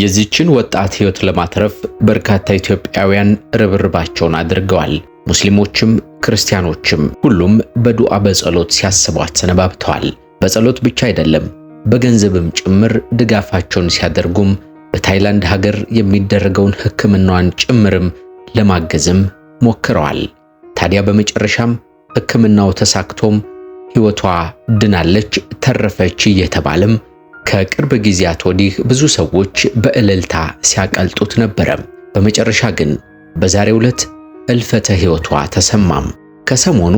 የዚችን ወጣት ሕይወት ለማትረፍ በርካታ ኢትዮጵያውያን ርብርባቸውን አድርገዋል። ሙስሊሞችም ክርስቲያኖችም ሁሉም በዱዓ በጸሎት ሲያስቧት ሰነባብተዋል። በጸሎት ብቻ አይደለም፣ በገንዘብም ጭምር ድጋፋቸውን ሲያደርጉም በታይላንድ ሀገር የሚደረገውን ሕክምናዋን ጭምርም ለማገዝም ሞክረዋል። ታዲያ በመጨረሻም ሕክምናው ተሳክቶም ሕይወቷ ድናለች፣ ተረፈች እየተባለም ከቅርብ ጊዜያት ወዲህ ብዙ ሰዎች በእልልታ ሲያቀልጡት ነበረ። በመጨረሻ ግን በዛሬው ዕለት እልፈተ ሕይወቷ ተሰማም። ከሰሞኑ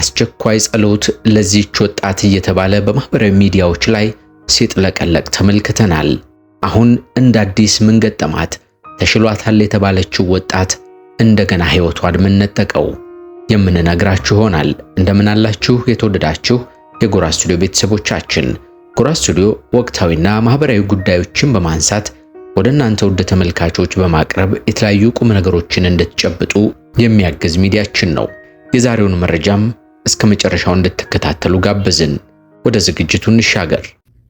አስቸኳይ ጸሎት ለዚች ወጣት እየተባለ በማህበራዊ ሚዲያዎች ላይ ሲጥለቀለቅ ተመልክተናል። አሁን እንደ አዲስ ምን ገጠማት? ተሽሏታል የተባለችው ወጣት እንደገና ሕይወቷን ምን ነጠቀው? የምንነግራችሁ ይሆናል። እንደምን አላችሁ የተወደዳችሁ የጎራ ስቱዲዮ ቤተሰቦቻችን ጎራ ስቱዲዮ ወቅታዊና ማህበራዊ ጉዳዮችን በማንሳት ወደ እናንተ ውድ ተመልካቾች በማቅረብ የተለያዩ ቁም ነገሮችን እንድትጨብጡ የሚያግዝ ሚዲያችን ነው። የዛሬውን መረጃም እስከ መጨረሻው እንድትከታተሉ ጋብዝን ወደ ዝግጅቱ እንሻገር።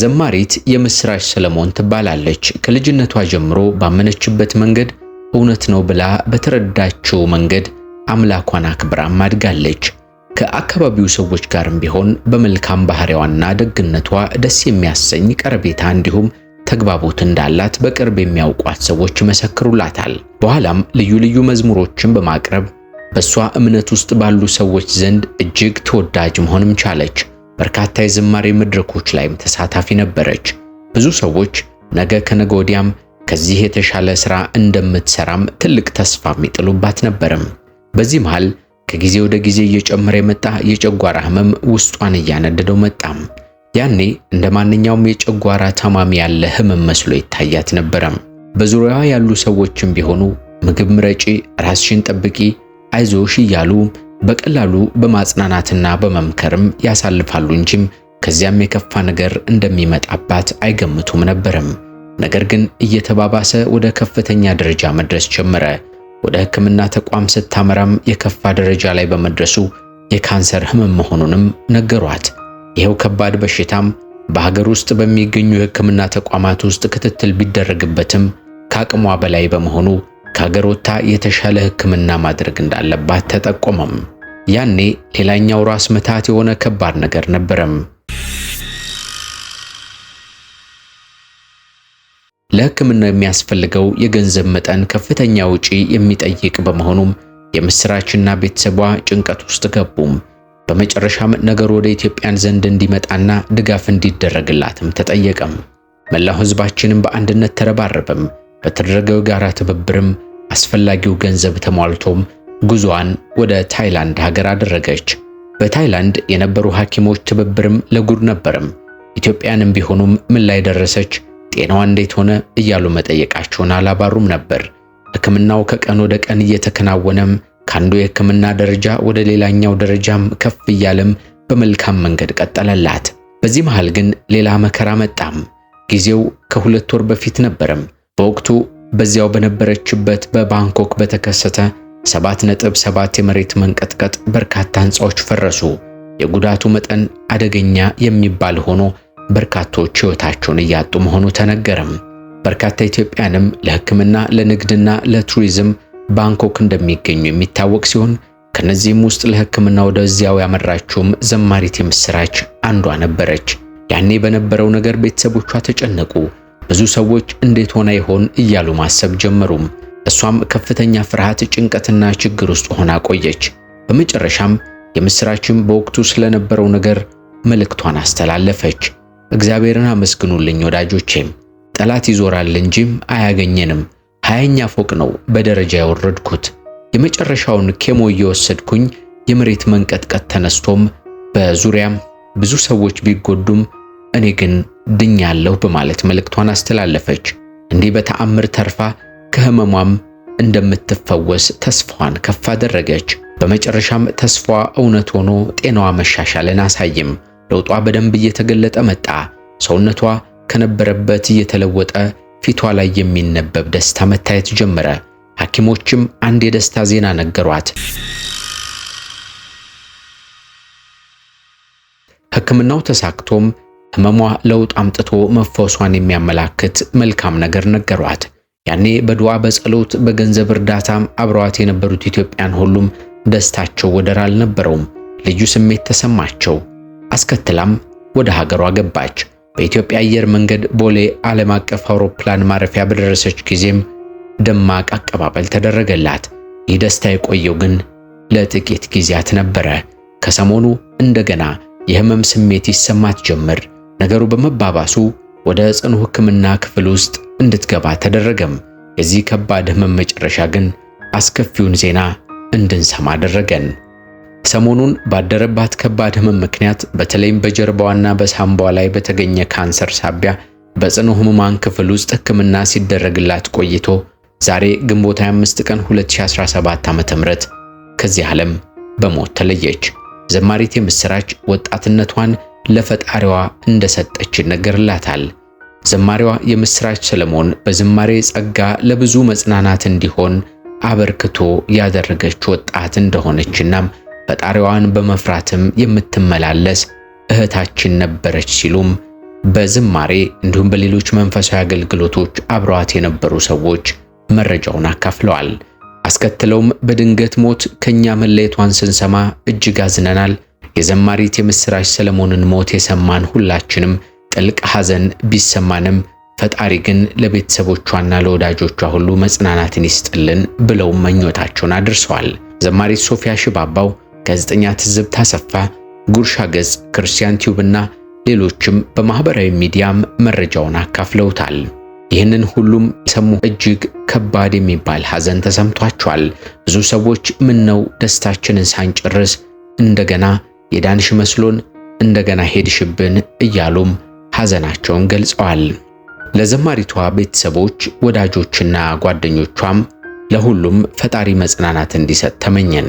ዘማሪት የምስራች ሰለሞን ትባላለች። ከልጅነቷ ጀምሮ ባመነችበት መንገድ እውነት ነው ብላ በተረዳችው መንገድ አምላኳን አክብራም አድጋለች። ከአካባቢው ሰዎች ጋርም ቢሆን በመልካም ባህሪዋና ደግነቷ ደስ የሚያሰኝ ቀረቤታ እንዲሁም ተግባቦት እንዳላት በቅርብ የሚያውቋት ሰዎች ይመሰክሩላታል። በኋላም ልዩ ልዩ መዝሙሮችን በማቅረብ በእሷ እምነት ውስጥ ባሉ ሰዎች ዘንድ እጅግ ተወዳጅ መሆንም ቻለች። በርካታ የዝማሬ መድረኮች ላይም ተሳታፊ ነበረች። ብዙ ሰዎች ነገ ከነገ ወዲያም ከዚህ የተሻለ ሥራ እንደምትሰራም ትልቅ ተስፋ የሚጥሉባት ነበርም። በዚህ መሃል ከጊዜ ወደ ጊዜ እየጨመረ የመጣ የጨጓራ ህመም ውስጧን እያነደደው መጣም። ያኔ እንደ ማንኛውም የጨጓራ ታማሚ ያለ ህመም መስሎ ይታያት ነበረም። በዙሪያዋ ያሉ ሰዎችም ቢሆኑ ምግብ ምረጪ፣ ራስሽን ጠብቂ፣ አይዞሽ እያሉ በቀላሉ በማጽናናትና በመምከርም ያሳልፋሉ እንጂም ከዚያም የከፋ ነገር እንደሚመጣባት አይገምቱም ነበርም። ነገር ግን እየተባባሰ ወደ ከፍተኛ ደረጃ መድረስ ጀመረ። ወደ ሕክምና ተቋም ስታመራም የከፋ ደረጃ ላይ በመድረሱ የካንሰር ህመም መሆኑንም ነገሯት። ይኸው ከባድ በሽታም በሀገር ውስጥ በሚገኙ የሕክምና ተቋማት ውስጥ ክትትል ቢደረግበትም ከአቅሟ በላይ በመሆኑ ከሀገር ወጥታ የተሻለ ሕክምና ማድረግ እንዳለባት ተጠቆመም። ያኔ ሌላኛው ራስ ምታት የሆነ ከባድ ነገር ነበረም። ለሕክምናው የሚያስፈልገው የገንዘብ መጠን ከፍተኛ ውጪ የሚጠይቅ በመሆኑም የምስራችና ቤተሰቧ ጭንቀት ውስጥ ገቡም። በመጨረሻም ነገሩ ወደ ኢትዮጵያን ዘንድ እንዲመጣና ድጋፍ እንዲደረግላትም ተጠየቀም። መላው ሕዝባችንም በአንድነት ተረባረበም። በተደረገው ጋራ ትብብርም አስፈላጊው ገንዘብ ተሟልቶም ጉዞዋን ወደ ታይላንድ ሀገር አደረገች። በታይላንድ የነበሩ ሐኪሞች ትብብርም ለጉድ ነበርም። ኢትዮጵያንም ቢሆኑም ምን ላይ ደረሰች፣ ጤናዋ እንዴት ሆነ እያሉ መጠየቃቸውን አላባሩም ነበር። ሕክምናው ከቀን ወደ ቀን እየተከናወነም ከአንዱ የሕክምና ደረጃ ወደ ሌላኛው ደረጃም ከፍ እያለም በመልካም መንገድ ቀጠለላት። በዚህ መሃል ግን ሌላ መከራ መጣም። ጊዜው ከሁለት ወር በፊት ነበርም። በወቅቱ በዚያው በነበረችበት በባንኮክ በተከሰተ ሰባት ነጥብ ሰባት የመሬት መንቀጥቀጥ በርካታ ህንፃዎች ፈረሱ። የጉዳቱ መጠን አደገኛ የሚባል ሆኖ በርካቶች ህይወታቸውን እያጡ መሆኑ ተነገረም። በርካታ ኢትዮጵያንም ለህክምና ለንግድና ለቱሪዝም ባንኮክ እንደሚገኙ የሚታወቅ ሲሆን ከነዚህም ውስጥ ለህክምና ወደዚያው ያመራችውም ዘማሪት የምስራች አንዷ ነበረች። ያኔ በነበረው ነገር ቤተሰቦቿ ተጨነቁ። ብዙ ሰዎች እንዴት ሆነ ይሆን እያሉ ማሰብ ጀመሩም። እሷም ከፍተኛ ፍርሃት፣ ጭንቀትና ችግር ውስጥ ሆና ቆየች። በመጨረሻም የምስራችን በወቅቱ ስለነበረው ነገር መልእክቷን አስተላለፈች። እግዚአብሔርን አመስግኑልኝ ወዳጆቼም፣ ጠላት ይዞራል እንጂም አያገኘንም። ሀያኛ ፎቅ ነው በደረጃ ያወረድኩት። የመጨረሻውን ኬሞ እየወሰድኩኝ የመሬት መንቀጥቀጥ ተነስቶም በዙሪያም ብዙ ሰዎች ቢጎዱም እኔ ግን ድኛለሁ በማለት መልእክቷን አስተላለፈች። እንዲህ በተአምር ተርፋ ከህመሟም እንደምትፈወስ ተስፋዋን ከፍ አደረገች። በመጨረሻም ተስፋ እውነት ሆኖ ጤናዋ መሻሻልን አሳይም። ለውጧ በደንብ እየተገለጠ መጣ። ሰውነቷ ከነበረበት እየተለወጠ ፊቷ ላይ የሚነበብ ደስታ መታየት ጀመረ። ሐኪሞችም አንድ የደስታ ዜና ነገሯት። ሕክምናው ተሳክቶም ህመሟ ለውጥ አምጥቶ መፈወሷን የሚያመላክት መልካም ነገር ነገሯት። ያኔ በዱዓ በጸሎት በገንዘብ እርዳታም አብረዋት የነበሩት ኢትዮጵያን ሁሉም ደስታቸው ወደር አልነበረውም። ልዩ ስሜት ተሰማቸው። አስከትላም ወደ ሀገሯ ገባች። በኢትዮጵያ አየር መንገድ ቦሌ ዓለም አቀፍ አውሮፕላን ማረፊያ በደረሰች ጊዜም ደማቅ አቀባበል ተደረገላት። ይህ ደስታ የቆየው ግን ለጥቂት ጊዜያት ነበረ። ከሰሞኑ እንደገና የህመም ስሜት ይሰማት ጀመር። ነገሩ በመባባሱ ወደ ጽኑ ሕክምና ክፍል ውስጥ እንድትገባ ተደረገም። የዚህ ከባድ ህመም መጨረሻ ግን አስከፊውን ዜና እንድንሰማ አደረገን። ሰሞኑን ባደረባት ከባድ ህመም ምክንያት በተለይም በጀርባዋና በሳምቧ ላይ በተገኘ ካንሰር ሳቢያ በጽኑ ህሙማን ክፍል ውስጥ ህክምና ሲደረግላት ቆይቶ ዛሬ ግንቦት 25 ቀን 2017 ዓ.ም ከዚህ ዓለም በሞት ተለየች። ዘማሪት የምስራች ወጣትነቷን ለፈጣሪዋ እንደሰጠች ይነገርላታል። ዘማሪዋ የምስራች ሰለሞን በዝማሬ ጸጋ ለብዙ መጽናናት እንዲሆን አበርክቶ ያደረገች ወጣት እንደሆነችናም ፈጣሪዋን በመፍራትም የምትመላለስ እህታችን ነበረች ሲሉም በዝማሬ እንዲሁም በሌሎች መንፈሳዊ አገልግሎቶች አብረዋት የነበሩ ሰዎች መረጃውን አካፍለዋል። አስከትለውም በድንገት ሞት ከኛ መለየቷን ስንሰማ እጅግ አዝነናል። የዘማሪት የምስራች ሰለሞንን ሞት የሰማን ሁላችንም ጥልቅ ሐዘን ቢሰማንም ፈጣሪ ግን ለቤተሰቦቿና ለወዳጆቿ ሁሉ መጽናናትን ይስጥልን ብለው መኞታቸውን አድርሰዋል። ዘማሪት ሶፊያ ሽባባው፣ ጋዜጠኛ ትዝብ አሰፋ፣ ጉርሻ ገጽ፣ ክርስቲያን ቲዩብ እና ሌሎችም በማህበራዊ ሚዲያም መረጃውን አካፍለውታል። ይህንን ሁሉም ሰሙ እጅግ ከባድ የሚባል ሐዘን ተሰምቷቸዋል። ብዙ ሰዎች ምን ነው ደስታችንን ሳንጨርስ እንደገና የዳንሽ መስሎን እንደገና ሄድሽብን እያሉም ሐዘናቸውን ገልጸዋል። ለዘማሪቷ ቤተሰቦች፣ ወዳጆችና ጓደኞቿም ለሁሉም ፈጣሪ መጽናናት እንዲሰጥ ተመኘን።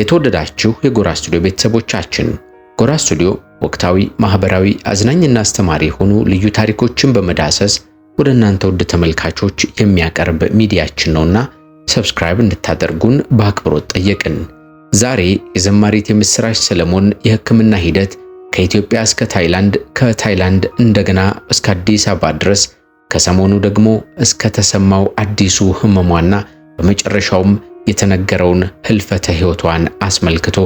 የተወደዳችሁ የጎራ ስቱዲዮ ቤተሰቦቻችን ጎራ ስቱዲዮ ወቅታዊ፣ ማህበራዊ፣ አዝናኝና አስተማሪ የሆኑ ልዩ ታሪኮችን በመዳሰስ ወደ እናንተ ውድ ተመልካቾች የሚያቀርብ ሚዲያችን ነውና ሰብስክራይብ እንድታደርጉን በአክብሮት ጠየቅን። ዛሬ የዘማሪት የምስራች ሰለሞን የሕክምና ሂደት ከኢትዮጵያ እስከ ታይላንድ፣ ከታይላንድ እንደገና እስከ አዲስ አበባ ድረስ ከሰሞኑ ደግሞ እስከ ተሰማው አዲሱ ህመሟና በመጨረሻውም የተነገረውን ህልፈተ ህይወቷን አስመልክቶ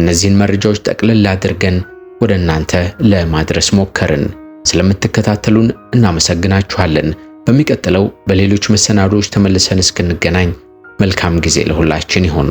እነዚህን መረጃዎች ጠቅልል አድርገን ወደ እናንተ ለማድረስ ሞከርን። ስለምትከታተሉን እናመሰግናችኋለን። በሚቀጥለው በሌሎች መሰናዶዎች ተመልሰን እስክንገናኝ መልካም ጊዜ ለሁላችን ይሁን።